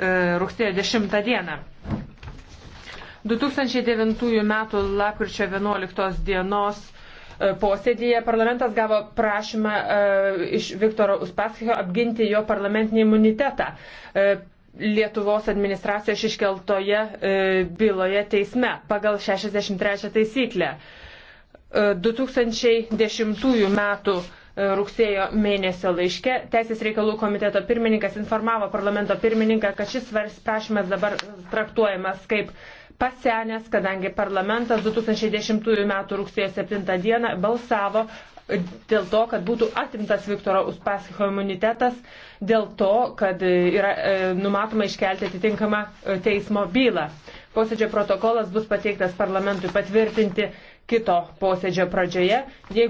E, rugsėjo 10 dieną. 2009 m. lapkričio 11 dienos e, posėdėje parlamentas gavo prašymą e, iš Viktoro Uspaskijo apginti jo parlamentinį imunitetą. Lietuvos administracijos iškeltoje byloje teisme pagal 63 taisyklę. 2010 m. E, rugsėjo mėnesio laiške. Teisės reikalų komiteto pirmininkas informavo parlamento pirmininką, kad šis prašymas dabar traktuojamas kaip pasenęs, kadangi parlamentas 2010 m. rugsėjo 7 d. balsavo dėl to, kad būtų atimtas Viktoro Uspaskicho imunitetas, dėl to, kad yra e, numatoma iškelti atitinkamą e, teismo bylą. Posėdžio protokolas bus pateiktas parlamentui patvirtinti kito posėdžio pradžioje. Jeigu